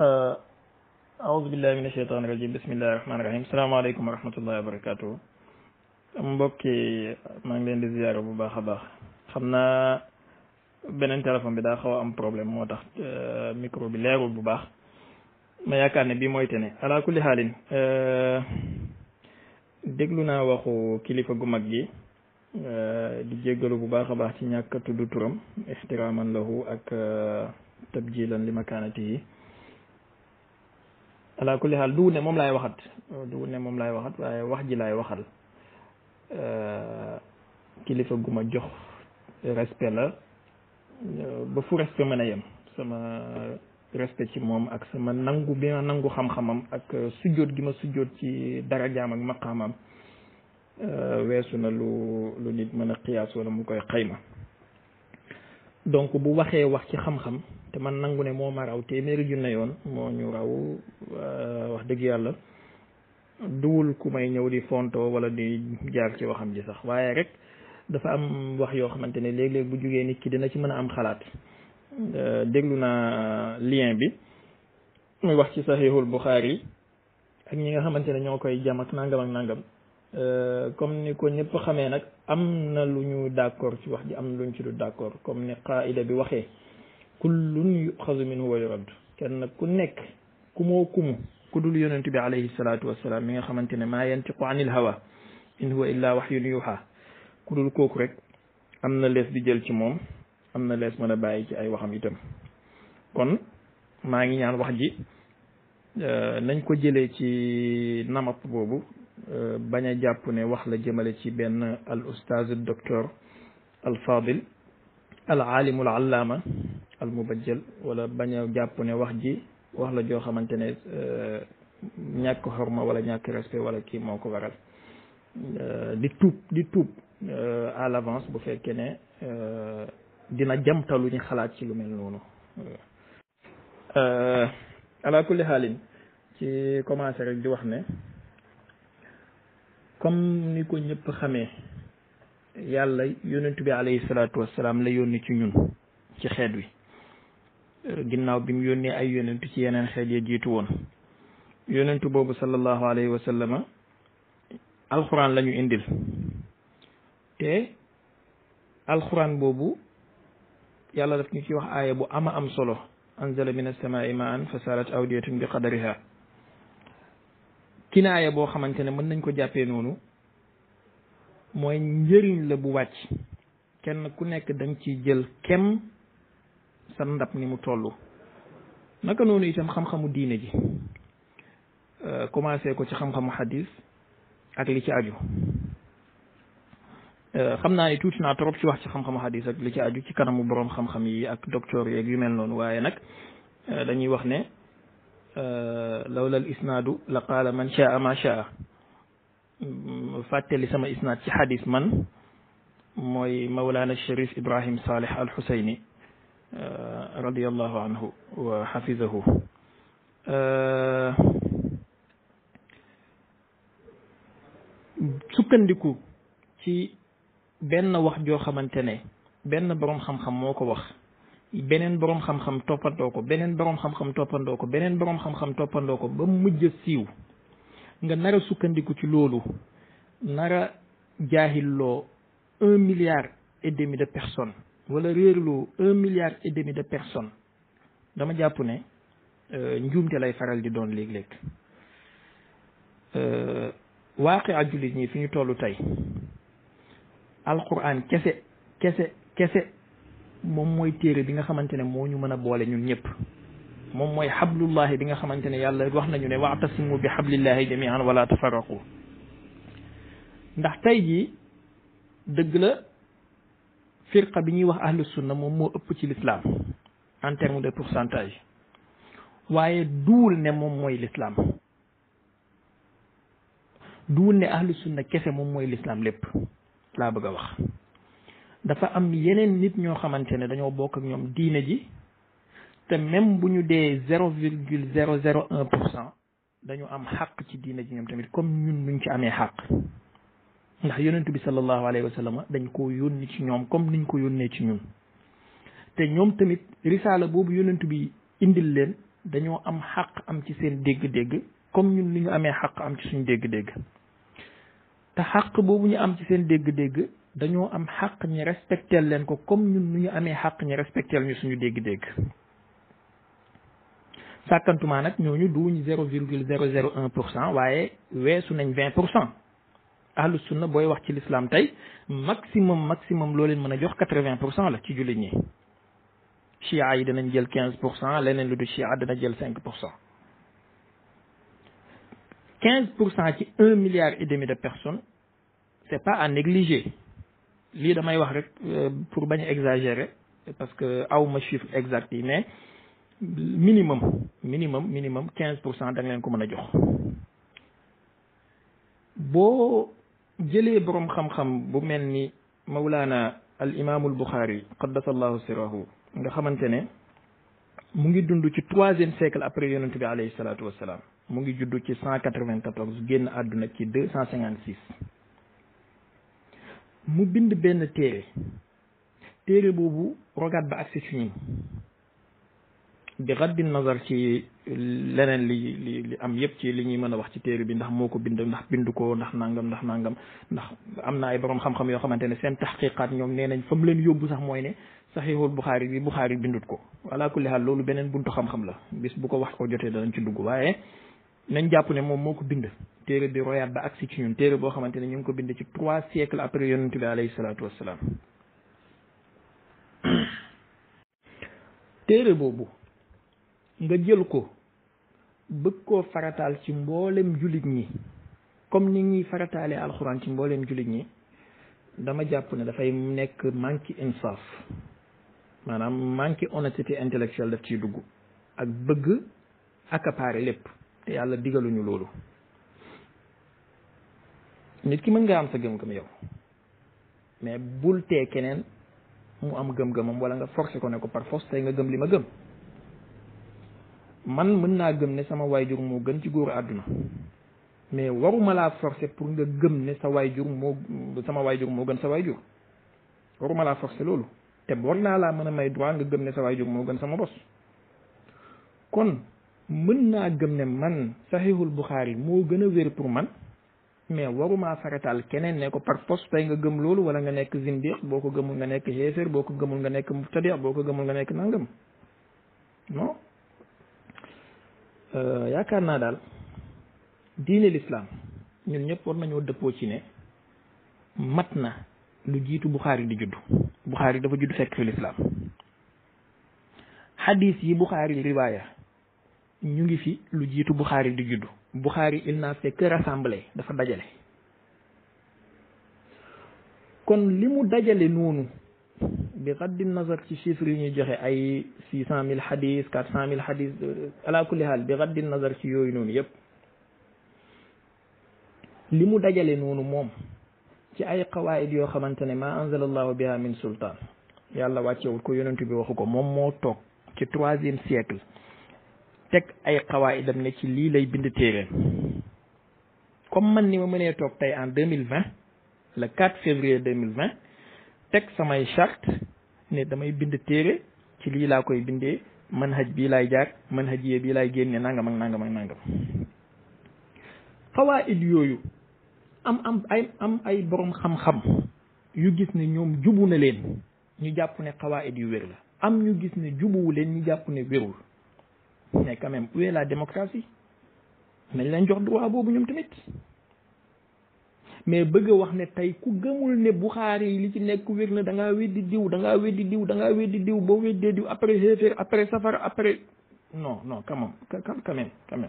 aouzu billahi mina sheytaani rajim bismillah rahmaani rahim salaamaaleykum wa rahmatullahi wa barakatuh mbokki maa ngi leen di ziyaara bu baax a baax xam naa beneen téléphone bi daa xaw a am problème moo tax micro bi leerul bu baax ma yaakaar ne bii mooy tene ala kulli xaalin déglu naa waxu kilifa gu mag gi di jéggalu bu baax a baax ci ñàkk a tudd turam ixtiraaman lahu ak tabjilan li yi ala kulli xaal duwut ne moom laay waxat duwut ne moom laay waxat waaye wax ji laay waxal euh, kilifa gu ma jox respect la ba fu respect mën a yem sama respect ci moom ak sama nangu bi ma nangu xam-xamam ak sujjóot gi ma sujjóot ci darajaam ak maqaamam euh, weesu na lu lu nit mën a xiyaas wala mu koy xayma donc bu waxee wax ci xam-xam te man nangu ne moo ma raw téeméeri junne yoon moo ñu raw euh, wax dëgg yàlla duwul ku may ñëw di fonto wala di jaar ci waxam ji sax waaye rek dafa am wax yoo xamante ne léegi léeg bu jugee nit ki dina ci mën a am xalaat euh, déglu naa lien bi muy wax ci saxiixul yi ak ñi nga xamante ne ñoo koy jam ak nangam ak nangam euh, comme ni ko ñëpp xamee nag am na lu ñu d'accord ci wax ji am na lu ñu ci du d'accord comme ni qaida bi waxee kullun yuxazu minhu wa yurad kenn ku nekk kumoo kumu ku dul yonent bi alayhi salaatu wasalaam mi nga xamante ne maa yantiqu anil hawa in huwa illa waxyun yuuxa ku dul kooku rek am na lees di jël ci moom am na lees mën a bàyyi ci ay waxam itam kon maa ngi ñaan wax ji euh, nañ ko jëlee ci namat boobu euh, bañ a jàpp ne wax la jëmale ci benn al ustaaz docteur al fadil al aalimu al allaama al mubajjal wala bañ jàpp ne wax ji wax la joo xamante ne euh, ñàkk xorma wala ñàkk respect wala kii moo ko waral di euh, di tuub euh, à l'avance bu fekkee ne dina jamtalu ñu xalaat ci lu mel noonu xaalin ci commencé rek di wax ne comme ni ko ñëpp xamee yàlla yonent bi alayhi salaatu wassalaam la yónni ci ñun ci xeet wi ginnaaw bi mu yónnee ay yonentu ci yeneen xeet ya jiitu woon yonentu boobu sallallahu alayhi wa sallama alxuraan la indil te alxuraan boobu yàlla daf ñu ci wax aaya bu ama am solo anzala min as-samaa'i ma'an fa saalat awdiyatun bi qadariha kinaaya boo xamante ne mën nañ ko jàppee noonu mooy njëriñ la bu wàcc kenn ku nekk da nga ciy jël kem sa ndab ni mu toll naka noonu itam xam-xamu diine ji euh, commencé ko ci xam-xamu xadis ak li ci aju euh, xam naa ni naa trop ci wax ci xam-xamu xadis ak li ci aju ci kanamu borom xam yi ak docteur yeeg yu mel noonu waaye nag euh, dañuy wax ne lawla al isnaadu la qaala man shaa ma shaa fàttali sama isnaad ci xadis man mooy Mawlana Cherif Ibrahim Saleh al Husayni radiyallahu anhu wa xafidahu sukkandiku ci benn wax joo xamante ne benn boroom xam-xam moo ko wax beneen boroom xam-xam toppandoo ko beneen boroom xam-xam toppandoo ko beneen boroom xam-xam ko ba mujj siiw nga nar sukkandiku ci loolu nara a loo un milliard et demi de personnes wala réerloo un milliard et de personne dama jàpp ne euh, njuumte lay faral di doon léeg-léeg euh, waaqi a jullit ñi fi ñu toll tey alquran kese kese kese moom mooy téere bi nga xamante ne moo ñu mën a boole ñun ñëpp moom mooy xablullahi bi nga xamante ne yàlla wax nañu ne waxtasimu bi xablillahi jamian wala tafarraqu ndax tey jii dëgg la firqa bi ñuy wax ahlu sunna moom moo ëpp ci lislaam en terme de pourcentage waaye duwul ne moom mooy l'islam duwul ne ahlu sunna kese moom mooy l'islam lépp laa bëgg a wax dafa am yeneen nit ñoo xamante ne dañoo bokk ak ñoom diine ji te même bu ñu dee zéro virgule zéro zéro un pour cent dañu am xaq ci diine ji ñoom tamit comme ñun luñ ci amee xàq ndax yonent bi sallallahu alayhi wa sallam dañ koo yónni ci ñoom comme ni ñu ko yónnee ci ñun te ñoom tamit risaala boobu yonent bi indil leen dañoo am xaq am ci seen dégg-dégg comme ñun li ñu amee xaq am ci suñu dégg-dégg te xaq boobu ñu am ci seen dégg-dégg dañoo am xaq ñi respectel leen ko comme ñun lu ñu amee xaq ñi respectel ñu suñu dégg-dégg sàkkantumaa nag ñooñu duuñ zéro virgule zéro zéro un pour waaye weesu nañ vingt pour cent ahlu sunna booy wax ci lislaam tey maximum maximum loo leen mën a jox quatre-vingt pour cent la ci jullit ñi chia yi danañ jël quinze pour cent leneen lu du chia dana jël cinq pour cent pour cent ci un milliard et demi de personnes c'est pas à négliger lii damay wax rek euh, pour bañ a exagérer parce que aw ma chiffre exact yi mais minimum minimum minimum quinze pour cent da nga leen ko mën a jox boo jëlee boroom xam-xam bu mel ni mawlaana al imaamul buxaari qaddasallahu sirahu nga xamante ne mu ngi dund ci troisième siècle après yonent bi alayhi salaatu wassalaam mu ngi juddu ci cent quatre-vingt-quatorze génn àdduna ci deux cent cinquante-six mu bind benn téere téere boobu rogaat ba agsi ci ñun bi xaddi nazar ci leneen li li li am yëpp ci li ñuy mën a wax ci téere bi ndax moo ko bind ndax bindu ko ndax nangam ndax nangam ndax am na ay borom xam-xam yoo xamante ne seen taxqiqaat ñoom nee nañ fa mu leen yóbbu sax mooy ne saxiixul buxaari bi buxaari bindut ko ala kulli xaal loolu beneen buntu xam-xam la bis bu ko wax ko jotee danañ ci dugg waaye nañ jàpp ne moom moo ko bind téere bi royaat ba agsi ci ñun téere boo xamante ne ñu ngi ko bind ci trois siècles après yonent bi alayhi salaatu wassalaam boobu nga jël ko bëgg koo farataal ci mbooleem jullit ñi comme ni ñuy farataalee alxuraan ci mboolem jullit ñi dama jàpp ne dafay nekk manque insaf maanaam manque honnêteté intellectuelle daf ciy dugg ak bëgg accaparer lépp te yàlla digaluñu loolu nit ki mën nga am sa gëm-gëm yow mais bul te keneen mu am gëm-gëmam wala nga forcer ko ne ko par force tey nga gëm li ma gëm man mën naa gëm ne sama jur moo gën ci góor àdduna mais waruma laa forcer pour nga gëm ne sa waayjur moo sama waayjur moo gën sa waayjur waruma laa forcer loolu te war naa laa mën a may droit nga gëm ne sa waayjur moo gën sama bos kon mën naa gëm ne man saxiixul yi moo gën a wér pour man mais waruma farataal keneen ne ko par poste tey nga gëm loolu wala nga nekk zindiq boo ko gëmul nga nekk xeeséer boo ko gëmul nga nekk mubtadi boo ko gëmul nga nekk nangam non Euh, yaakaar naa daal diine lislaam ñun ñëpp war nañoo dëppoo ci ne mat na lu jiitu Buxaari di judd Buxaari dafa judd fekk fi lislaam xadis yi Buxaari riwaaya ñu ngi fi lu jiitu Buxaari di juddu Buxaari il n'a fait que dafa dajale kon li mu dajale noonu bi xaddi nazar ci chiffres yi ñuy joxe ay six cent mille xadis quatre cent mille xadis euh, ala kulli haal bi xaddi nazar ci yooyu noonu yëpp li mu dajale noonu moom ci ay qawaid yoo xamante ne ma anzala allahu biha min sultaan yàlla wàccewut ko yonentu bi waxu ko moom moo toog ci troisième siècle teg ay qawaidam ne ci lii lay bind téeréen comme man ni ma mënee toog tay en deux mille vingt le quatre février deux mille teg samay charte ne damay bind téere ci lii laa koy bindee manhaj bii laay jaar manhaj yee bii laay génne nangam ak nangam ak nangam xawaayid yooyu am am ay am ay boroom xam-xam yu gis ne ñoom jubu na leen ñu jàpp ne xawaayid yu wér la am ñu gis ne jubuwu leen ñu jàpp ne wérul mais quand même où la démocratie nañ leen jox droit boobu ñoom tamit mais bëgg wax ne tey ku gëmul ne Buxaari yi li ci nekk wér na da ngaa weddi diw da ngaa weddi diw da ngaa weddi diw boo weddee diw après xéeféer après safar après non non quand même quand même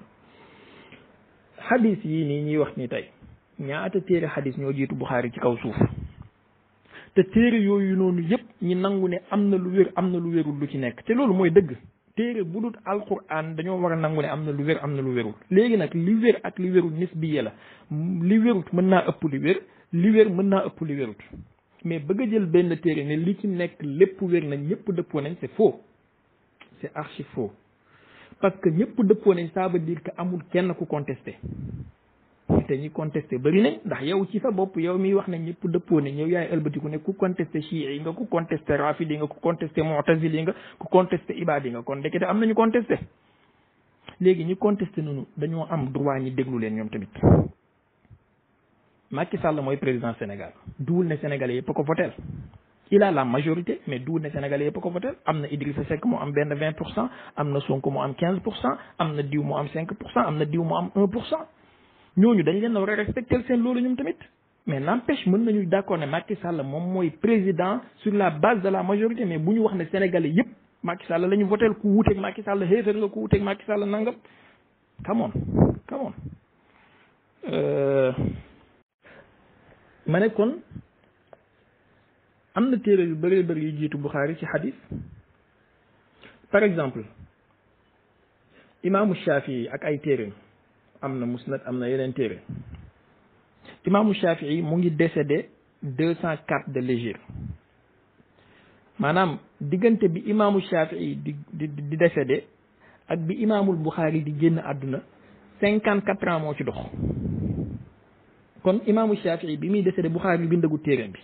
yi nii ñuy wax ni tey ñaata téere xadis ñoo jiitu Buxaari ci kaw suuf te téere yooyu noonu yëpp ñi nangu ne am na lu wér am na lu wérul lu ci nekk te loolu mooy dëgg téere bu dul alquran dañoo war a nangu ne am na lu wér am na lu wérul léegi nag li wér ak li wérul nisbiye la li wérut mën naa ëpp li wér li wér mën naa ëpp li wérut mais bëgg a jël benn téere ne li ci nekk lépp wér nañ ñëpp dëppoo nañ c'est faux c'est archi faux parce que ñëpp dëppoo nañ saaba veut dire amul kenn ku contesté te ñi contesté bëri nañ ndax yow ci sa bopp yow mi wax ne ñëpp dëppoo ne ñëw yaay ku ne ku contesté chiite yi nga ku contesté rafidi nga ku contesté mutazili nga ku contesté ibaadi nga kon ndekete am nañu contesté léegi ñi contesté noonu dañoo am droit ñi déglu leen ñoom tamit Macky Sall mooy président Sénégal duwul ne Sénégalais yëpp ko votel il a la majorité mais duwul ne Sénégalais yëpp ko votel am na Idrissa Seck mu am benn vingt pour cent am na Sonko mu am quinze pour cent am na diw mu am cinq pour cent am na diw mu am pour cent ñooñu dañ leen a war a respecter seen loolu ñoom tamit mais n'empêche mën nañu d'accord ne Macky Sall moom mooy président sur la base de la majorité mais bu ñu wax ne sénégalais yëpp Macky Sall la ñu votel ku wuuteeg Macky Sall xéeféer nga ku wuuteeg Macky Sall nangam come on euh, ma ne am na téere yu bëri bëri yu jiitu Bukhari ci xadis par exemple imaamu Shafi ak ay téereem am na musnad am na yeneen téere imaamu Shafii mu ngi décédé deux cent quatre de l'hégire maanaam diggante bi imaamu Shafii di di di décédé ak bi imaamul Buxaari di génn àdduna cinquante quatre ans moo ci dox kon imaamu Shafii bi muy décédé Buxaari bindagu téere bi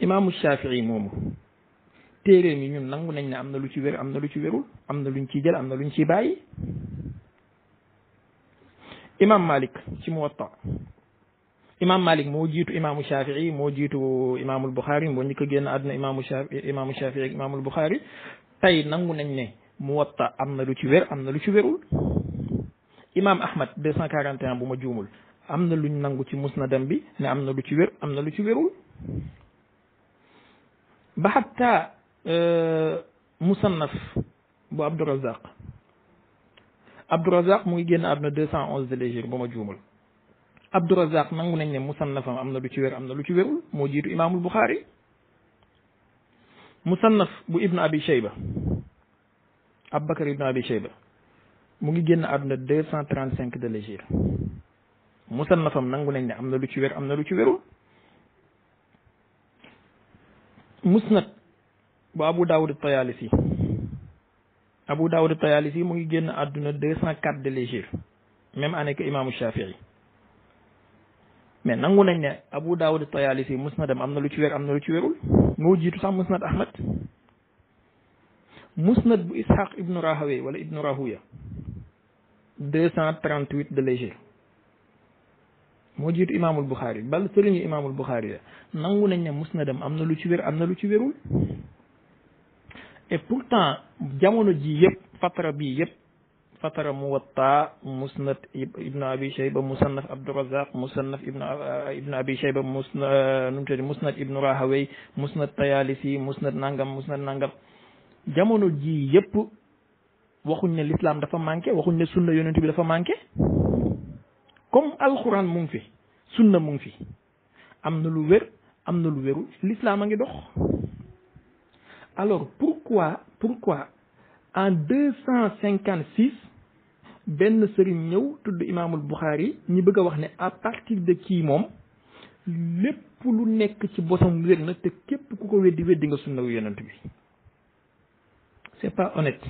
imaamu Shafii moomu téeréem yi ñun nangu nañ ne am na lu ci wér am na lu ci wérul am na luñ ciy jël am na luñ ciy bàyyi imam malik ci muwatta imam malik moo jiitu imaamu shafii moo jiitu imaamul buxaari moo njëkk a génn àdduna imaamu shafi imaamu shafii ak imaamul buxaari tey nangu nañ ne muwatta na lu ci wér am na lu ci wérul imam bu ma juumul am na luñ nangu ci musnadam bi ne am na lu ci wér am na lu ci wérul ba xatta Euh, musannaf bu Abdourazaq Abdourazaq mu ngi génn àdduna deux cent onze de l'hégire ba ma juumul Abdourazaq nangu nañ ne musannafam am na lu ci wér am na lu ci wérul moo jiitu imaamul Buxaari musannaf bu Ibn Abi Shayba Abubakar Ibn Abi Shayba mu ngi génn àdduna deux cent trente cinq de l'hégire musannafam nangu nañ ne am na lu ci wér am na lu ci wérul musnad bu Abu Daawud Tayaalisi Abu Daawud Tayaalisi mu ngi génn àdduna deux cent quatre de l'hégire même année que imaamu Shafii mais nangu nañ ne Abu Daawud Tayaalisi musnadam am na lu ci wér am na lu ci wérul moo jiitu sax musnad Ahmad musnad bu Ishaq ibnu Rahawee wala ibnu Rahuya deux cent trente huit de l'hégire moo jiitu imaamul Buxaari bal sëriñu imaamul Buxaari la nangu nañ ne musnadam am na lu ci wér am na lu ci wérul et pourtant jamono ji yëpp fatara bii yëpp fatara muwatta musnad ibnu abi shayba musannaf abdurazaq musannaf ibnu euh, ibnu abi shayba musna euh, nu mu tudd musnad ibnu rahawey musnad tayalisi musnad nangam musnad nangam jamono ji yëpp waxuñ ne lislaam dafa manqué waxuñ ne sunna yonent bi dafa manqué comme alquran mu ngi fi sunna mu ngi fi am na lu wér am na lu wérul l'islam a ngi dox alors pourquoi pourquoi en deux cent cinquante six benn sëriñ ñëw tudd imaamul Buxaari ñi bëgg a wax ne à partir de kii moom lépp lu nekk ci bosam wér na te képp ku ko weddi weddi nga sunna wu yonent bi c'est pas honnête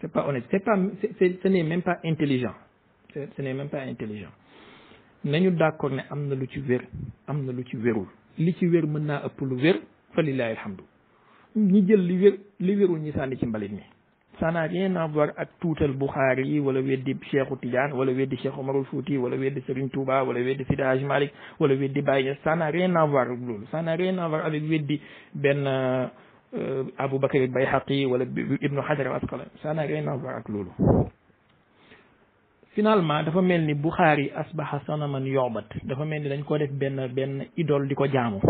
c'est pas honnête c'est pas c'est ce n'est même pas intelligent ce n'est même pas intelligent nañu d'accord ne am na lu ci wér am na lu ci wérul li ci wér mën naa ëpp lu wér fa lillahi alhamdu ñi jël li wér li wérul ñi sànni ci mbalit mi ça n'a rien à voir ak tuutal Buxaari wala weddi Cheikhu Tidiane wala weddi Cheikh Omarul Fouti wala weddi Serigne Touba wala weddi Seydi Hadji Malick wala weddi Baye Niass ça n'a rien à voir ak loolu ça n'a avec weddi benn euh, Abu Bakr al-Bayhaqi wala Ibnu Hajar al-Asqalani ça ak loolu finalement dafa mel ni Buxaari asbaha sanaman yobat dafa mel ni dañ ko def benn benn idole di ko jaamu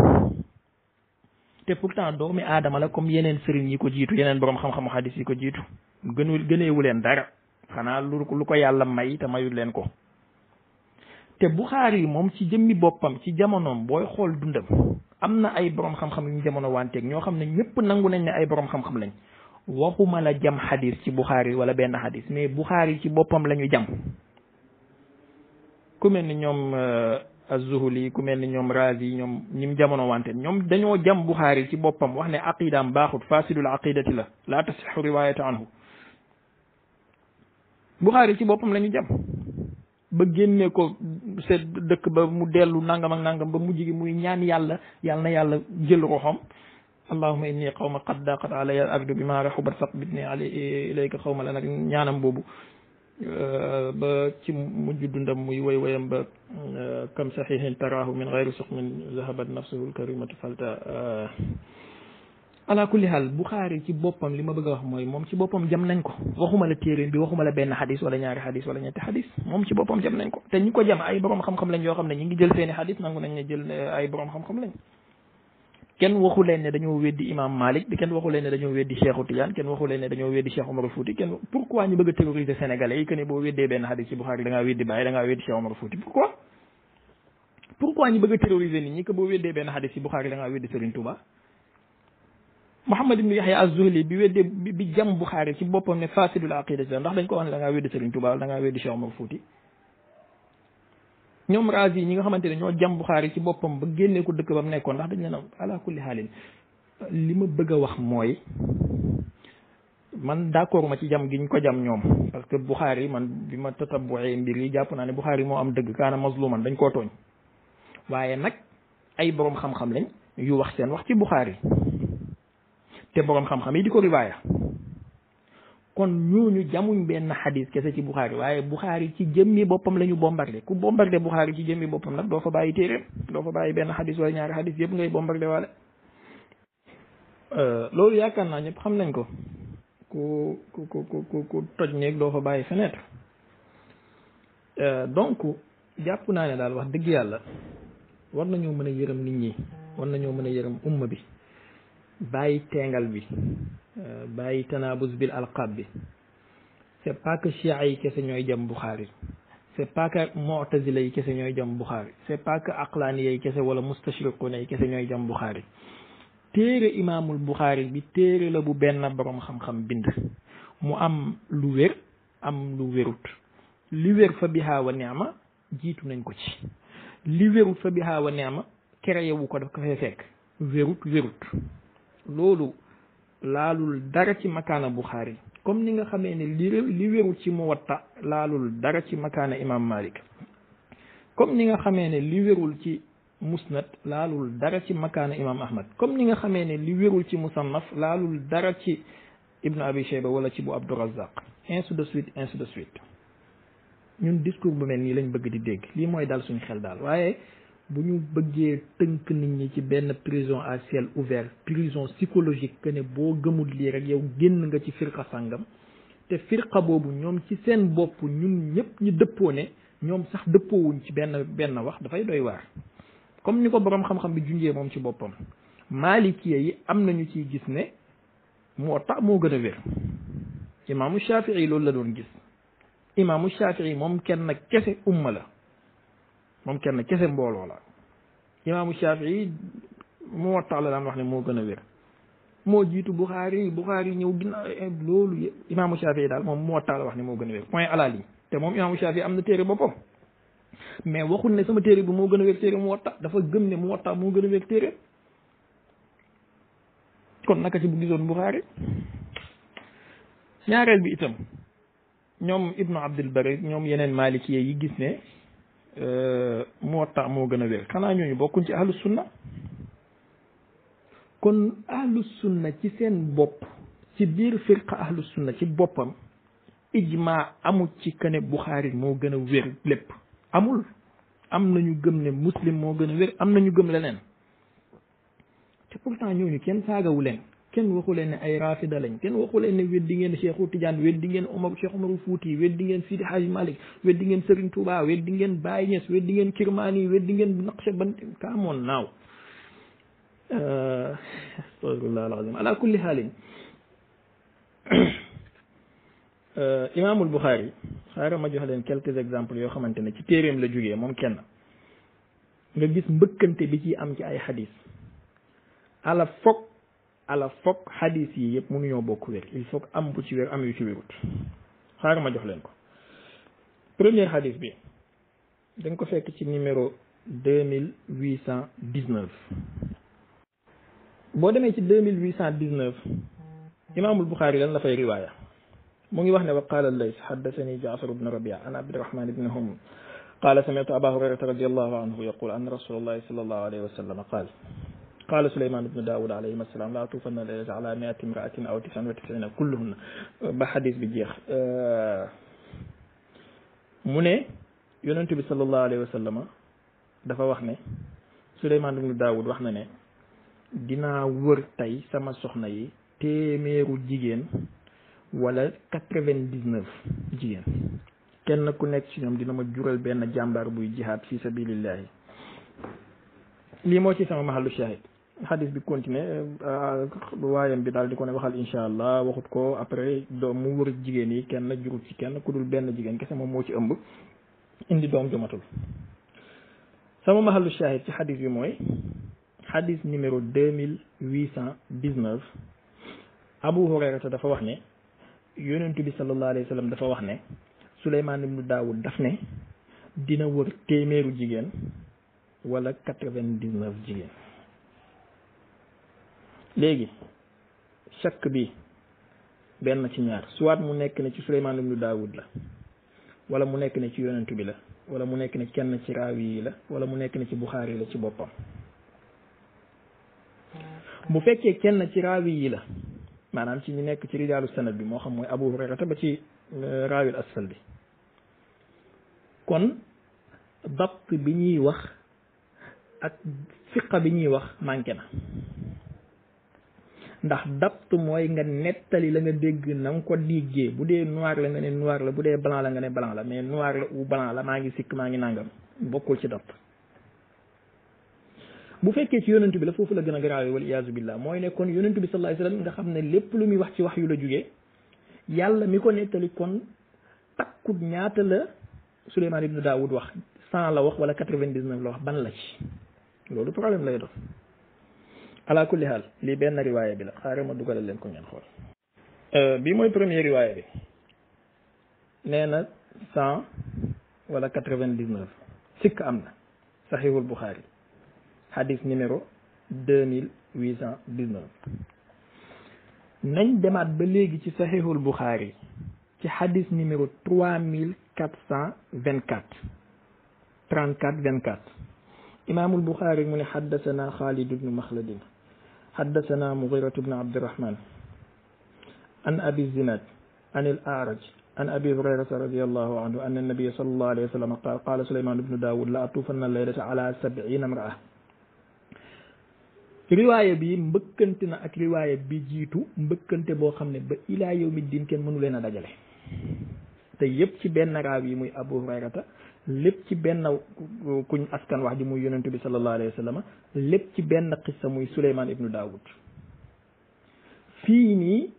te pourtant doomi aadama la comme yeneen sëriñ yi ko jiitu yeneen borom xam-xamu xadis yi ko jiitu gënu gëneewu leen dara xanaa lu lu ko yàlla may te mayul leen ko te Buxaari yi moom ci jëmmi boppam ci jamonoom booy xool dundam am na ay borom xam-xam yu jamono wanteeg ñoo xam ne ñëpp nangu nañ ne ay boroom xam-xam lañ waxuma la jam xadis ci yi wala benn xadis mais Buxaari ci boppam la ñu jam ku mel ni ñoom. Euh, az lii ku mel ni ñoom Razi ñoom ñim jamono wante ñoom dañoo jam Buxaari ci boppam wax ne aqidaam baaxut fasidul aqidati la laa tasixu riwayatu anhu Buxaari ci boppam la ñu jam ba génne ko se dëkk ba mu dellu nangam ak nangam ba mujj gi muy ñaan yàlla yàlla na yàlla jël roxom allahuma inni qawma qad daqat alayya al ardu bima rahubat faqbitni alayka qawma la nag ñaanam boobu Euh, ba ci mujj dundam muy woy woyam ba euh, kam saxihin taraahu min gayri suxmin zahabat nafsuhu lkarimatu falta euh, ala kulli haal Buxaari ci boppam li ma bëgg a wax mooy moom ci boppam jam nañ ko waxuma la téeréen bi waxuma la benn xadis wala ñaari xadis wala ñetti xadis moom ci boppam jam nañ ko te ñi ko jam ay borom xam-xam lañ yoo xam ne ñu ngi jël seeni xadis nangu nañ ne jël ay borom xam-xam lañ kenn waxu leen ne dañoo weddi imam Malik kenn waxu leen ne dañoo weddi Cheikhu Tidiane kenn waxu leen dañoo weddi Cheikh Omar kenn pourquoi ñu bëgg a terroriser sénégalais yi que ne boo weddee benn hadis ci Bukhari da ngaa weddi Baye da ngaa weddi Cheikh Omar a terroriser nit ñi que boo weddee benn weddi Serigne Touba Muhammad Yahya az bi weddee bi jam Bukhari ci boppam ne fasidul aqida ndax dañ ko wax ne da ngaa weddi Serigne Touba da ngaa weddi Cheikh Omar Fouti ñoom razi ñi nga xamante ne ñoo jam Buxaari ci boppam ba génnee ko dëkk ba mu nekkoon ndax dañ leen am ala xaalin li ma bëgg a wax mooy man d'accord ma ci jam gi ñu ko jam ñoom parce que Buxaari man bi ma tatabuwee mbir yi jàpp naa ne Buxaari moo am dëgg kaana mazluman dañ koo tooñ waaye nag ay borom xam-xam lañ yu wax seen wax ci Buxaari te borom xam-xam yi di ko riwaaya kon ñooñu jamuñ benn xadis kese ci Buxaari waaye Buxaari ci jëmmi boppam la ñu bombardé ku bombardé Buxaari ci jëmmi boppam nag doo fa bàyyi téeréem doo fa bàyyi benn xadis wala ñaari xadis yëpp ngay bombardé waale. Euh, loolu yaakaar naa ñëpp xam nañ ko ku ku ku ku ku toj néeg doo fa bàyyi fenêtre euh, donc jàpp naa ne daal wax dëgg yàlla war nañoo mën a yërëm nit ñi war nañoo mën a yërëm umma bi bàyyi tengal bi. Euh, bàyyi tanaabus bil alqab bi c' est pas que yi kese ñooy jam buxaari c' est yi kese ñooy jam buxaari c' est yi kese wala mustashriquuna yi kese ñooy jam buxaari téere imaamul buxaari bi téere la bu benn borom xam-xam bind mu am lu wér am lu wérut li wér fa bihaa wa neema jiitu nañ ko ci li wérut fa bihaa wa neema créé wu ko daf ko fee fekk wérut wérut loolu laalul dara ci makaana Buxaari comme ni nga xamee ne li li wéru ci Muwatta laalul dara ci makaana Imam Malik comme ni nga xamee ne li wérul ci musnad laalul dara ci makaana Imam Ahmad comme ni nga xamee ne li wérul ci musannaf laalul dara ci Ibn Abi Shayba wala ci bu Abdurazaq ainsi de suite ainsi de suite ñun discours bu mel nii lañ bëgg di dégg lii mooy daal suñu xel daal waaye bu ñu bëggee tënk nit ñi ci benn prison à ciel ouvert prison psychologique que ne boo gëmul lii rek yow génn nga ci firqa sàngam te firqa boobu ñoom ci seen bopp ñun ñëpp ñu dëppoo ne ñoom sax dëppoowuñ ci benn benn wax dafay doy waar comme ñu ko boroom xam-xam bi junjee moom ci boppam maalikiya yi am nañu ciy gis ne moo tax moo gën a wér imaamu shafii loolu la doon gis imaamu shafii moom kenn kese umma la moom kenn kese mbooloo la imaamu Shafii mu wattax la daan wax ne moo gën a wér moo jiitu Buxaari Buxaari ñëw ginnaaw eh, loolu imaamu Shafii daal moom mu wattax la wax ne moo gën a wér point à la te moom imaamu Shafii am na téere boppam mais waxul ne sama téere bi moo gën a wér téere mu watta dafa gëm ne mu watta moo gën a wér téere kon naka ci bu gisoon Buxaari ñaareel bi itam ñoom Ibnu Abdul Bari ñoom yeneen maalikiye yi gis ne Euh, moo tax moo gën a wér xanaa ñooñu bokkuñ ci ahlu sunna kon ahlu sunna ci seen bopp ci biir firqa ahlu sunna ci boppam ijma amul ci kene buxaari moo gën a wér lépp amul am nañu gëm ne muslim moo gën a wér am ñu gëm leneen te pourtant ñooñu kenn saagawu kenn waxu leen ne ay raafida lañ kenn waxu leen ne weddi ngeen Cheikhu Tidiane weddi ngeen Omar Cheikh Omarou Fouti weddi ngeen Sidi Hadj Malick weddi ngeen Serigne Touba weddi ngeen Baye Niass weddi ngeen Kirmani weddi ngeen Naqshbandi kaamoon naaw. Uh, astafirullah alazim ala kulli haalin uh, imaamul Buxaari xaaral ma jox leen quelques exemples yoo xamante ne ci téeréem la jógee moom kenn nga gis mbëkkante bi ci am ci ay xadis ala foog. ala foog xadis yi yëpp mënuñoo bokk wér il faut am bu ci wér am yu ci wérut xaaral ma jox leen ko premier xadis bi dañ ko fekk ci numéro deux mille huit cent dix boo demee ci deux mille huit cent dix-neuf imaamul Buxaari lan la fay mu ngi wax ne wa qaala Lays xaddasani Jaafar ibn Rabia an Abdirahman ibn Hum qaala samitu Aba Hurayrata radiallahu anhu yaqul anna rasulallahi sallallahu alayhi wa sallam qaal qaala Souleymane ibnu Daoud alayhim assalaam laa tuufanna l-layla ala mi'ati imra'atin aw tis'in wa tis'ina kulluhunna ba xadis bi jeex mu ne yonent bi sallallahu alayhi dafa wax ne Souleymane ibnu Daoud wax na ne dinaa wër tey sama soxna yi téeméeru jigéen walla quatre vingt dix jigéen kenn ku nekk ci ñoom dina ma jural benn jàmbaar buy jihaad fi sabilillahi lii moo ci sama mahallu shahid xadis bi continuer euh, euh, waayam bi daal di ko ne waxal incha allah waxut ko après doom mu wër jigéen yi kenn jurut ci kenn ku dul benn jigéen kese moom moo ci ëmb indi doom jumatul sama mahallu shahid ci xadis bi mooy xadis numéro deux mille huit cent dix dafa wax ne yonentu bi sallallahu alayhi wa sallam dafa wax ne suleymaan ibnu daawud daf ne dina wër téeméeru jigéen walla quatre-vingt-dix-neuf jigéen léegi shakk bi benn ci ñaar soit mu nekk ne ci Suleymaan ibnu Daawud la wala mu nekk ne ci yonent bi la wala mu nekk ne kenn ci raawi yi la wala mu nekk ne ci Buxaari yi la ci boppam bu fekkee kenn ci raawi yi la maanaam ci ñu nekk ci rijaalu sanad bi moo xam mooy Abu Hurayrata ba ci euh, raawil asfal bi kon dabt bi ñuy wax ak fiqa bi ñuy wax manqué na ndax dabtu mooy nga nettali la nga dégg na ko déggee bu dee noir la nga ne noir la bu dee blanc la nga ne blanc la mais noir la u blanc la maa ngi sikk maa ngi nangam bokkul ci dapt bu fekkee ci yonent bi la foofu la gën a garaawe wal iyaazu billah mooy ne kon yonent bi sallallahu alayhi wasallam nga xam ne lépp lu muy wax ci wax yu la jugee yàlla mi ko nettali kon takkut ñaata la Souleymane ibnu Daoud wax cent la wax wala quatre vingt dix la wax ban la ci loolu problème lay doon ala kulli haal lii benn riwaaya bi la xaaral ma dugalal leen ko ngeen xool. Euh, bi mooy premier riwaaya bi nee na cent wala quatre-vingt-dix-neuf sikk am na saxiixul Buxaari hadis numéro deux mille huit cent nañ demaat ba léegi ci saxiixul Buxaari ci hadis numéro trois mille quatre cent vingt-quatre trente-quatre vingt-quatre imaamul Buxaari mu ne xaddasana Xaalid ibnu Maxladin حدثنا مغيرة بن عبد الرحمن عن أبي الزناد عن الأعرج عن أبي هريرة رضي الله عنه أن النبي صلى الله عليه وسلم قال قال سليمان بن داود لا أطوفن الليلة على سبعين امرأة riwaaye bi mbëkkante na ak riwaaye bi jiitu mbëkkante boo xam ne ba ilaa yawmi diin kenn mënu leen a dajale te yépp ci benn raaw yi muy Abu Hurayrata lépp ci benn kuñ askan wax di muy yonentu bi sallallahu alayhi wa lépp ci benn xissa muy Souleymane ibnu Daoud fii nii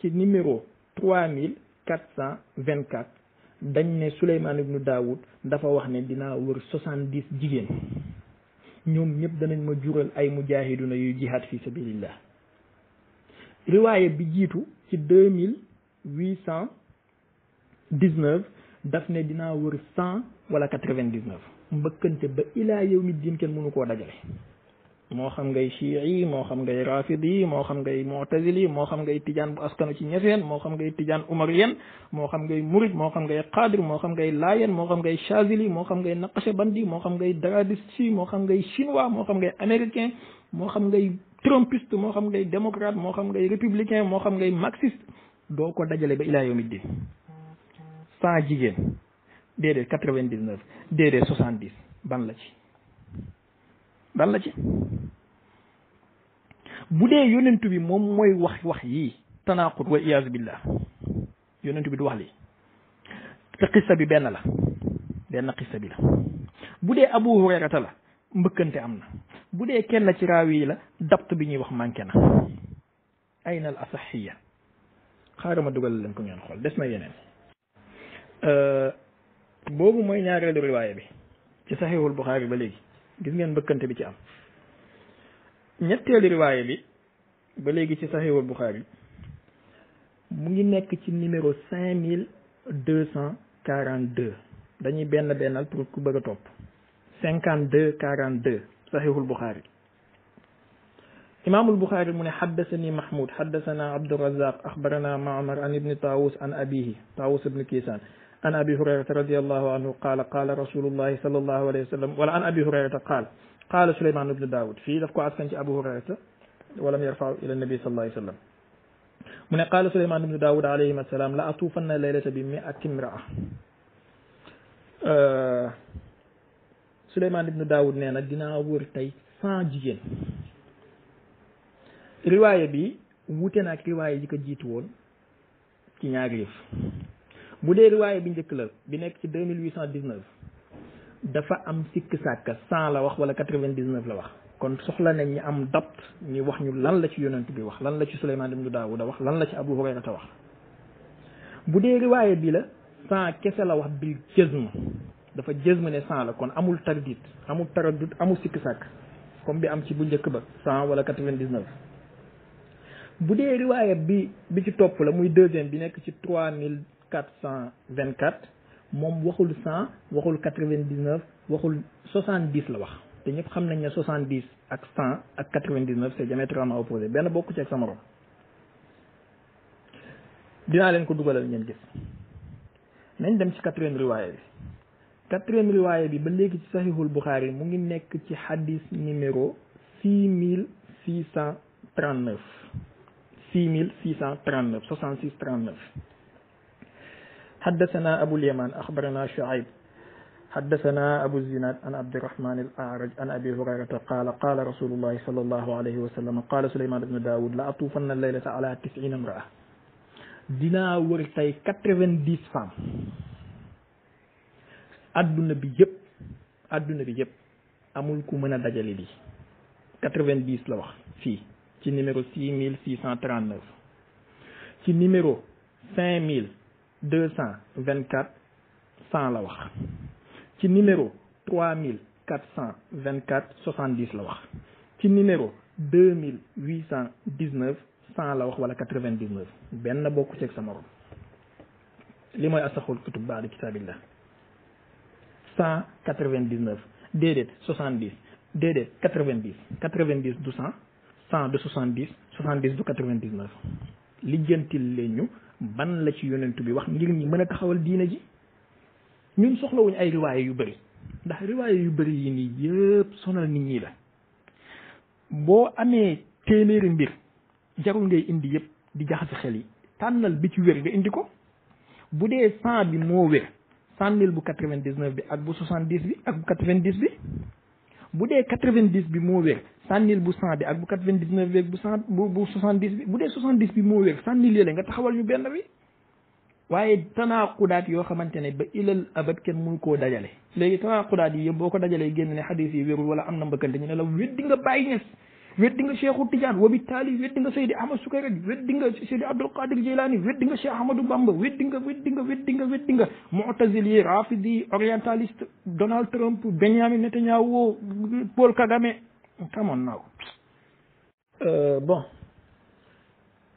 ci numéro trois mille quatre cent vingt quatre dañ ne Souleymane ibnu Daoud dafa wax ne dinaa wër soixante dix jigéen ñoom ñëpp danañ ma jural ay mujahiduna yuy jihaad fi sabilillah riwaaye bi jiitu ci deux mille huit cent dix-neuf daf ne dinaa wër cent wala quatre-vingt-dix-neuf mbëkkante ba ilaa yawmi diin kenn mënu koo dajale moo xam ngay chii moo xam ngay rafidi moo xam ngay mutazili moo xam ngay tijaan bu askanu ci ñeseen moo xam ngay tijaan umarien moo xam ngay murid moo xam ngay qadir moo xam ngay layen moo xam ngay chazili moo xam ngay naqshbandi moo xam ngay daradisi moo xam ngay chinois moo xam ngay américain moo xam ngay trumpiste moo xam ngay démocrate moo xam ngay républicain moo xam ngay marxiste doo ko dajale ba ilaa yawmi diin cent jigéen déedéet quatre vingt dix neuf déedéet soixante dix ban la ci ban la ci bu dee yonentu bi moom mooy wax wax yii tanaqut wa iyaazu billah yonentu bi du wax lii te xissa bi benn la benn xissa bi la bu dee abu hurayrata la mbëkkante am na bu dee kenn ci raaw yi la dapt bi ñuy wax manqué na ayna al asaxiya xaaral ma dugal leen ko ngeen xool des na yeneen Euh, boobu mooy ñaareelu riwaaya bi ci saxiixul Buxaari ba léegi gis ngeen mbëkkante bi ci am ñetteelu riwaaya bi ba léegi ci saxiixul Buxaari mu ngi nekk ci numéro cinq mille deux cent quarante deux dañuy benn bennal pour ku bëgg a topp cinquante deux quarante deux saxiixul Buxaari imaamul Buxaari mu ne xaddasani Mahmoud xaddasana Abdurazaq axbarana Maamar an ibni Taawus an abihi Taawus ibnu Kiisaan an abi hurayrata radiallahu anhu qaala qaala rasulullahi sallallahu alayhi wa sallam wala an abi hurayrata qaal qaala suleymaan ibnu daawud fii daf ko askan ci abu hurayrata walam yarfaw ila nabi sallallahu alayhi wa sallam mu ne qaala suleymaan ibnu daawud alayhim assalaam la atuufanna laylata bi miati imraa suleymaan ibnu daawud nee na dinaa wër tey cent jigéen riwaaye bi wute na ak riwaaye yi ko jiitu woon ci ñaari yëf bu dee riwaaye bi njëkk la bi nekk ci deux mille huit cent dix-neuf dafa am sikk sàkka cent la wax wala quatre-vingt-dix-neuf la wax kon soxla nañ ñi am dapt ñi wax ñu lan la ci yonent bi wax lan la ci Souleymane ibnu Daawuda wax lan la ci Abu Hurayrata wax bu dee riwaaye bi la cent kese la wax bi jëzm dafa jëzm ne cent la kon amul tardit amul taraddut amul sikk sàkk comme bi am ci bu njëkk ba cent wala quatre-vingt-dix-neuf bu dee riwaaye bi bi ci topp la muy deuxième bi nekk ci trois mille quatre cent vingt quatre moom waxul cent waxul quatre vingt dix neuf waxul soixante dix la wax te ñëpp xam nañ ne soixante dix ak cent ak quatre vingt dix neuf c'est diamétralement opposé benn bokku ci ak sa morom dinaa leen ko dugalal ngeen gis nañ dem ci quatrième riwaaya bi quatrième riwaaya bi ba léegi ci saxiixul Buxaari mu ngi nekk ci xadis numéro six mille six cent trente neuf six mille six cent trente neuf soixante six trente neuf حدثنا أبو اليمان أخبرنا شعيب حدثنا أبو الزناد عن عبد الرحمن الأعرج عن أبي هريرة قال قال رسول الله صلى الله عليه وسلم قال سليمان بن داود لا أطوفن الليلة على تسعين امرأة dinaa wër tey quatre-vingt-dix femmes adduna bi yëpp adduna bi yëpp amul ku mën a dajale lii quatre-vingt-dix la wax fii ci numéro six mille six cent trente-neuf ci numéro cinq mille deux cent vingt quatre cent la wax ci numéro trois mille quatre cent vingt quatre ci numéro deux mille huit cent dix neuf cent la wax wala quatre vingt dix neuf benn bokku ceeg sa morom li mooy asaxul kutub baadu kitaabillah cent quatre vingt dix neuf déedéet soixante dix déedéet quatre vingt dix quatre vingt dix du cent cent du soixante dix soixante dix du quatre vingt dix neuf lijjantil leen ñu ban la ci yonent bi wax ngir ñi mën a taxawal diina ji ñun soxlawuñu ay riwaaye yu bëri ndax riwaaye yu bëri yi nii yëpp sonal nit ñi la boo amee téeméeri mbir jarul ngay indi yëpp di jaxase xel yi tànnal bi ci wér nga indi ko bu dee cent bi moo wér sànnil bu quatre-vingt-dix-neuf bi ak bu soixante-dix bi ak bu quatre-vingt-dix bi bu dee quatre-vingt-dix bi moo wér sànnil bu cent bi ak bu quatre vingt dix neuf bi ak bu cent bu soixante dix bi bu dee soixante dix nga taxawal ñu benn bi waaye tanaaqudaat yoo xamante ne ba ilal abad kenn mënu koo dajale léegi tanaaqudaat yi yëpp boo ko dajalee génn ne xadis yi wérul wala am na mbëkkante ñu ne la weddi nga Baye Niass weddi nga Cheikhu Tidiane wa bi taali weddi nga Seydi Ahmad Sukayrij weddi nga Seydi Abdul Qadir Jilani weddi nga Cheikh Ahmadou Bamba weddi nga weddi nga weddi nga weddi Rafidi orientaliste Donald Trump tamoon naa ko bon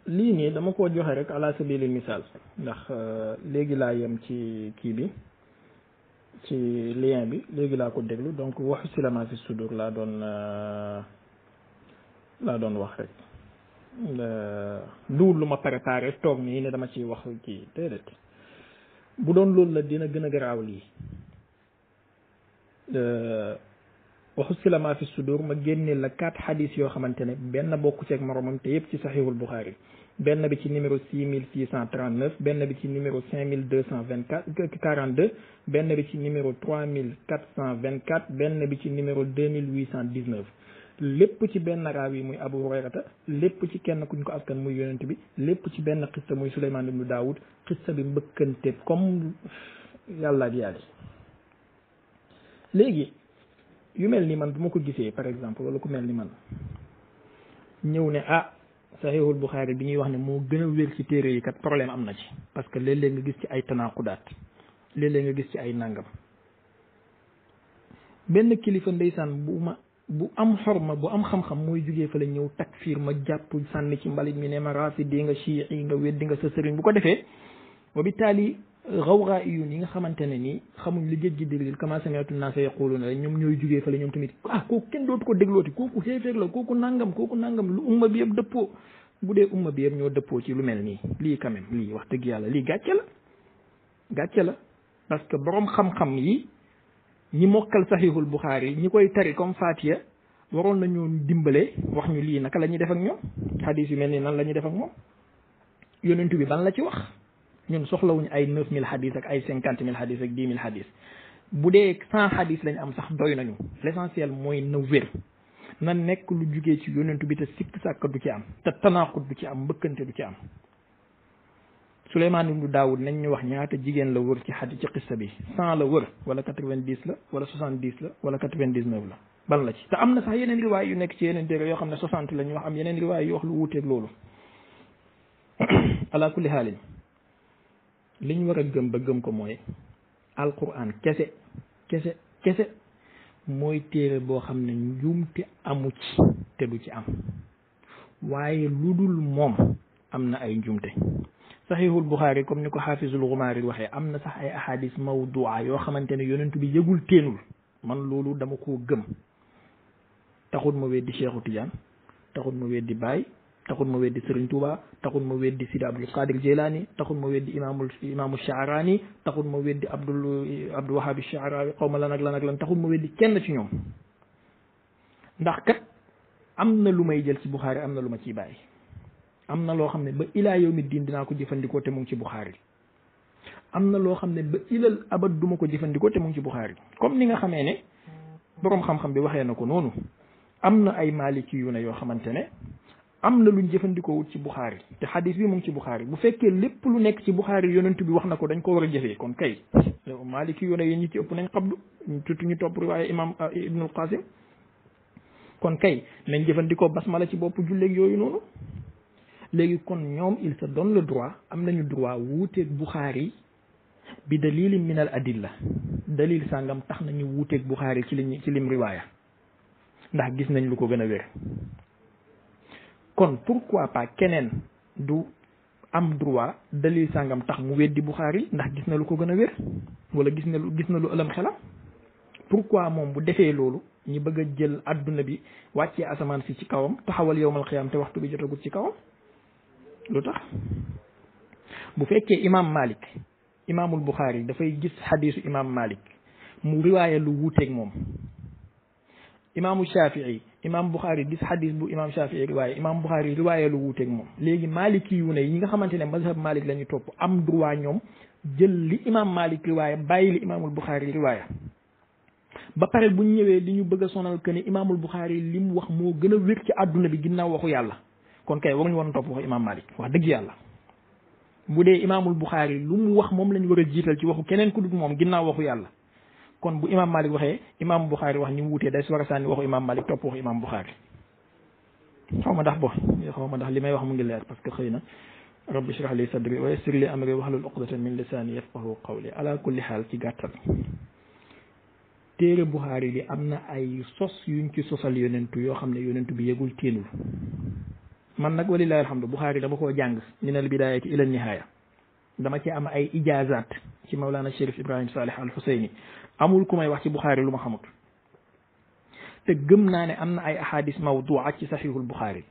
lii nii dama ko joxe rek ala sabili misaal ndax euh, léegi laa yam ci kii bi ci lien bi léegi laa ko déglu donc waxu si fi sudur laa doon euh, laa doon wax rek euh, duwul lu ma préparé toog nii ne dama ciy wax kii déedéet bu doon loolu la dina gën a garaaw lii waxu si la maa fi sudur ma génneel la quatre xadis yoo xamante ne benn bokku ceeg moromam te yépp ci saxiixul Buxaari benn bi ci numéro six mille benn bi ci numéro cinq mille deux cent vingt quatre euh, benn bi ci numéro trois mille quatre cent vingt benn bi ci numéro deux mille huit cent dix lépp ci benn raaw yi muy Abu Hurayrata lépp ci kenn kuñ ko askan muy yonent bi lépp ci benn xista muy Suleymaan ibnu Daawud xista bi mbëkkante comme yàlla ak yàlla léegi yu mel ni man bu ma ko gisee par exemple wala ku mel ni man ñëw ne ah saxiixul Buxaari bi ñuy wax ne moo gën a wér ci téere yi kat problème am na ci parce que léeg nga gis ci ay tanaaku léeg-léeg nga gis ci ay nàngam benn kilifa ndeysaan bu ma bu am xorma bu am xam-xam mooy jugee fa la ñëw fiir ma jàpp sànni ci mbalit mi ne ma raafidi nga chiici nga weddi nga sëriñ bu ko defee wa rawraa iyun yi nga xamante ne nii xamuñ li géej gi déglil kama sami'tu naasa yaquluuna rek ñoom ñooy jugee fële ñoom tamit ah kooku kenn dootu ko déglooti kooku xéeféer la kooku nangam kooku nangam lu umma bi yëpp dëppoo bu dee umma bi yëpp ñoo dëppoo ci lu mel nii lii quand même lii wax dëgg yàlla lii gàcce la gàcce la parce que borom xam-xam yi ñi mokkal saxiixul Buxaari ñi koy tari comme Fatiha waroon nañoo dimbale wax ñu lii naka la ñuy def ak ñoom xadis yu mel nii nan la ñuy def ak moom yonent la ci wax. ñun soxlawuñu ay neuf mille hadis ak ay cinquante mille hadis ak dix mille hadis bu dee cent hadis lañ am sax doy nañu l' essentiel mooy na wér na nekk lu jugee ci yonentu bi te sikk sàkk du ci am te tanaqut du ci am mbëkkante du ci am Souleymane ibnu Daawud nañ ñu wax ñaata jigéen la wër ci xaddi ci xissa bi cent la wër wala quatre-vingt-dix la wala soixante-dix la wala quatre-vingt-dix-neuf la ban la ci te am na sax yeneen riwaay yu nekk ci yeneen téere yoo xam ne soixante la ñu wax am yeneen riwaay yu wax lu wuuteeg loolu ala kulli li ñu war a gëm ba gëm ko mooy alquran kese kese kese mooy téere boo xam ne njuumte amu ci te du ci am waaye lu dul moom am na ay njuumte saxiixul buxaari comme ni ko xaafisul xumaari waxee am na sax ay ahadis mawdua yoo xamante ne yonent bi yëgul téenul man loolu dama koo gëm taxut ma weddi Cheikhu Tidiane taxul ma weddi bàyyi taxul ma weddi Serigne Touba taxul ma weddi Sidi Abdul Qadir Jilani taxul ma weddi imaamul imaamu Shaarani taxul ma weddi Abdul Abdul Wahabi Shaarani xaw ma lan ak lan ak taxul ma weddi kenn ci ñoom ndax kat am na lu may jël ci Buxaari am na lu ma ciy bàyyi am na loo xam ne ba ilaa yawmi diin dinaa ko jëfandikoo te mu ngi ci Buxaari am na loo xam ne ba duma ko jëfandikoo te mu ngi ci Buxaari comme ni nga xamee ne boroom xam-xam bi waxe na ko noonu am na ay maliki ne yoo xamante ne am na luñ jëfandikoo wut ci Buxaari te xadis bi mu ngi ci Buxaari bu fekkee lépp lu nekk ci Buxaari yonent bi wax na ko dañ ko war a jëfee kon kay maaliki yoone yi ñi ci ëpp nañ xabdu tuuti ñu topp riwaaye imam ah, ibnul qasim kon kay nañ jëfandikoo la ci bopp julleeg yooyu noonu léegi kon ñoom il se donne le droit am nañu droit wuuteeg Buxaari bi dalili min al adilla dalil sàngam tax nañu wuuteeg Buxaari ci liñ ci lim riwaaya ndax gis nañ lu ko gën a wér kon pour quoi pas keneen du am droit dalil sàngam tax mu weddi Buxaari ndax gis na lu ko gën a wér wala gis na lu gis na lu ëlëm xelam pourquoi moom bu defee loolu ñi bëgg a jël àdduna bi wàccee asamaan si ci kawam taxawal yowmal xiyaam te waxtu bi jotagut ci kawam lu tax bu fekkee imaam Malik imaamul Buxaari dafay gis xadiisu imaam Malik mu riwaaye lu wuuteeg moom imaamu Shafii imam Bukhari gis xadis bu imam Shafi'i riwaaye imam Bukhari riwaaye lu wuuteeg moom léegi maliki yu ne yi nga xamante ne mazhab malik la ñu topp am droit ñoom jël li imam malik riwaaye bàyyi li imamul Bukhari riwaaye ba pare bu ñu ñëwee li ñu bëgg sonal que ni imaamul Bukhari li mu wax moo gën a wér ci àdduna bi ginnaaw yàlla kon kay waruñu woon topp wax imaam wax dëgg yàlla bu dee imaamul Bukhari lu mu wax moom lañ war a jiital ci waxu keneen ku dul moom ginnaaw waxu yàlla kon bu imaam Malik waxee imaam Buxaari wax ni mu wutee day su war a sànni waxu imaam Malik topp waxu imaam Buxaari xaw ma ndax bo li may wax mu ngi leer parce que xëy na rabbi shrah li sadri wa yassir li amri wahlul uqdatan min lisani yafqahu qawli ala kulli xaal ci gàttal téere Buxaari bi am na ay sos yuñ ci sosal yonentu yoo xam ne yonentu bi yëgul téenul man nag walilahi alhamdu Buxaari dama koo jàng minal bidaayati ilal nihaaya dama ci am ay ijaazaat ci Mawlana Chérif Ibrahim Salih Al Husseini amul ku may wax ci Bukhari lu ma xamut te gëm naa ne am na ay ahadis mawdua ci saxiihul Bukhari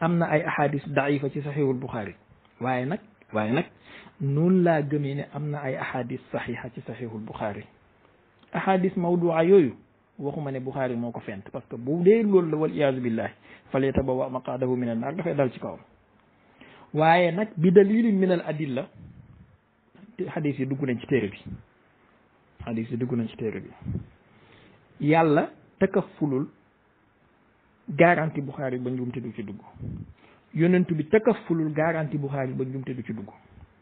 am na ay ahadis daifa ci saxiihul Bukhari waaye nag waaye nag noonu laa gëmee ne am na ay ahadis saxiixa ci saxiihul Bukhari ahadis mawdua yooyu waxuma ne Bukhari moo ko fent parce que bu dee loolu la wal iyaazu billahi fal yatabawa maqaadahu min annaar dafay dal ci kawam waaye nag bi dalilin min al adilla xadis yi dugg nañ ci téere bi xadis yi dugg nañ ci téere bi yàlla takafulul garanti Buxaari ba njuumte du ci dugg yonentu bi takafulul garanti Buxaari ba njuumte du ci dugg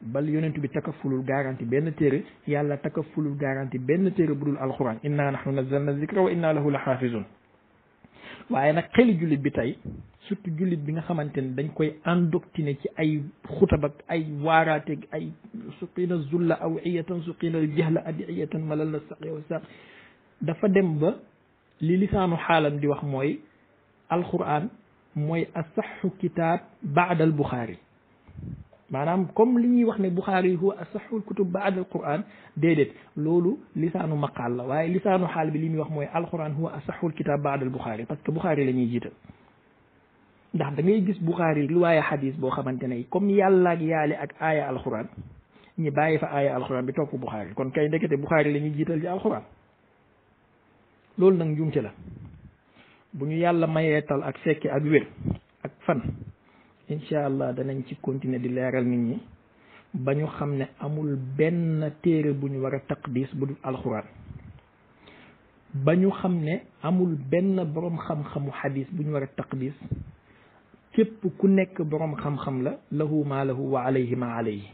bal yonentu bi takafulul garanti benn téere yàlla takafulul garanti benn téere bu dul alquran inna nahnu nazzalna zikra wa inna lahu la xaafizun waaye nag xeli jullit bi tey surtout jullit bi nga xamante ne dañ koy endoctriner ci ay xutab ak ay waaraateeg ay suqiina zulla awiyatan suqiina jahla adiyatan malal na saq yow saq dafa dem ba li lisaanu xaalam di wax mooy alquran mooy asaxu kitaab baadal buxaari maanaam comme li ñuy wax ne Buxaari huwa asaxul kutub baad al quran déedéet loolu lisaanu maqaal la waaye lisaanu xaal bi li ñuy wax mooy alquran huwa asaxul kitaab baad al Buxaari parce que Buxaari la ñuy jiital ndax da ngay gis Buxaari riwaaya xadis boo xamante ne comme yàlla ak yaale ak aaya alquran ñi bàyyi fa aaya alquran bi topp Buxaari kon kay ndekete Buxaari la ñuy jiital ci alquran loolu nag njuumte la bu ñu yàlla mayeetal ak fekke ak wér ak fan incha allah danañ ci continuer di leeral nit ñi ba ñu xam ne amul benn téere bu ñu war a taqdis bu dul alxuraan ba ñu xam ne amul benn boroom xam-xamu xadis bu ñu war a taqdis képp ku nekk boroom xam-xam la lahu ma lahu wa alayhi ma alayhi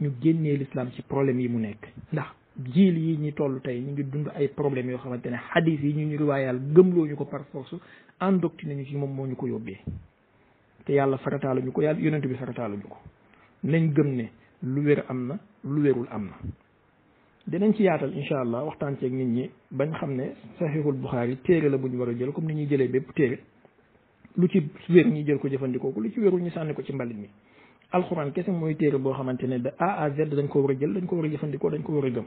ñu génnee lislaam ci problème yi mu nekk ndax jiil yi ñi toll tey ñu ngi dund ay problème yoo xamante ne xadis yi ñu ñu riwaayaal gëmloo ñu ko par force endoctriné ñu ci moom moo ñu ko yóbbee te yàlla farataaluñu ko yàlla yonent bi farataaluñu ko nañ gëm ne lu wér am na lu wérul am na dinañ ci yaatal incha allah waxtaan ceeg nit ñi bañ xam ne saxiixul buxaari téere la bu ñu war a jël comme ni ñuy jëlee bépp téere lu ci wér ñi jël ko jëfandikoo ko lu ci wérul ñu sànni ko ci mbalit mi alxuraan kese mooy téere boo xamante ne da A à Z dañ ko war a jël dañ ko war a jëfandikoo dañ ko war a gëm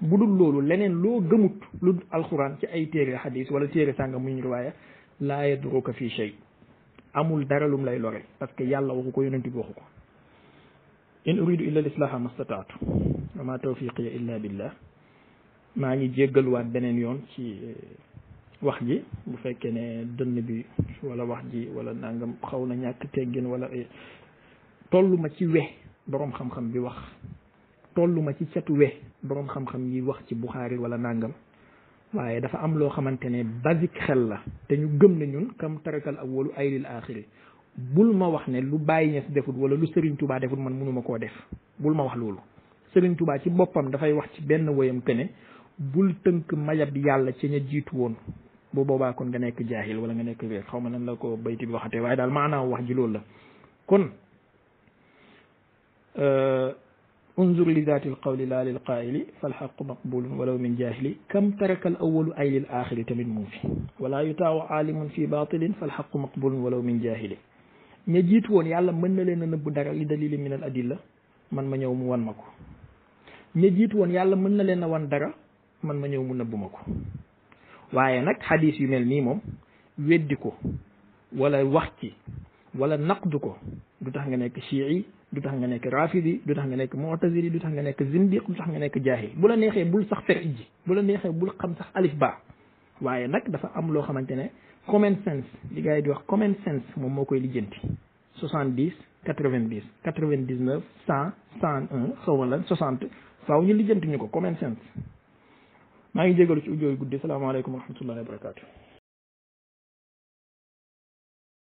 bu dul loolu leneen loo gëmut lu alxuraan ci ay téere xadis wala téere sàngam mu ñu riwaaya laa yadruka fii shay amul dara lum lay lore parce que yàlla waxu ko yonent bi waxu ko in uridu illa lislaaha mastataatu wa ma tawfiqiya illa billah maa ngi jéggaluwaat beneen yoon ci eh, wax ji bu fekkee ne dënn bi wala wax ji wala nangam xaw na ñàkk teggin wala eh, tollu ma ci we boroom xam-xam bi wax tollu ma ci setu we boroom xam-xam yi wax ci Buxaari wala nàngam waaye dafa am loo xamante ne basique xel la te ñu gëm ne ñun kam tarakal awwalu ay lil axiri bul ma wax ne lu bàyyi Niass defut wala lu Serigne Touba defut man mënuma koo def bul ma wax loolu Serigne Touba ci boppam dafay wax ci benn woyam que ne bul tënk mayab yàlla ci ña jiitu woon boo boobaa kon nga nekk jaahil wala nga nekk réer xaw ma nan la ko bayti bi waxatee waaye daal maanaam wax ji loolu la kon euh, انظر لذات القول لا للقائل فالحق مقبول ولو من جاهل كم ترك الأول أي للآخر تمن موفي ولا يطاع عالم في باطل فالحق مقبول ولو من جاهل ña jiit woon yàlla mën na leen a nëbb dara li dalili min al adilla man ma ñëw mu wan ma ko ña jiit woon yàlla mën na leen a wan dara man ma ñëw mu nëbb ma ko waaye nag xadiis yu mel nii moom weddi ko wala wax ci wala naqdu ko du tax nga nekk chii du tax nga nekk rafidi du tax nga nekk mu'tazili du tax nga nekk zindiq du tax nga nekk jaahil bu la neexee bul sax fer ijji bu la neexee bul xam sax alif ba waaye nag dafa am loo xamante ne common sense li gars yi di wax common sense moom moo koy lijjanti soixante dix quatre vingt dix quatre vingt dix cent cent un xaw ma lan soixante faaw ñu lijjanti ñu ko common sense maa ngi jégalu ci ujjooyu guddi salaamaaleykum wa rahmatullahi wa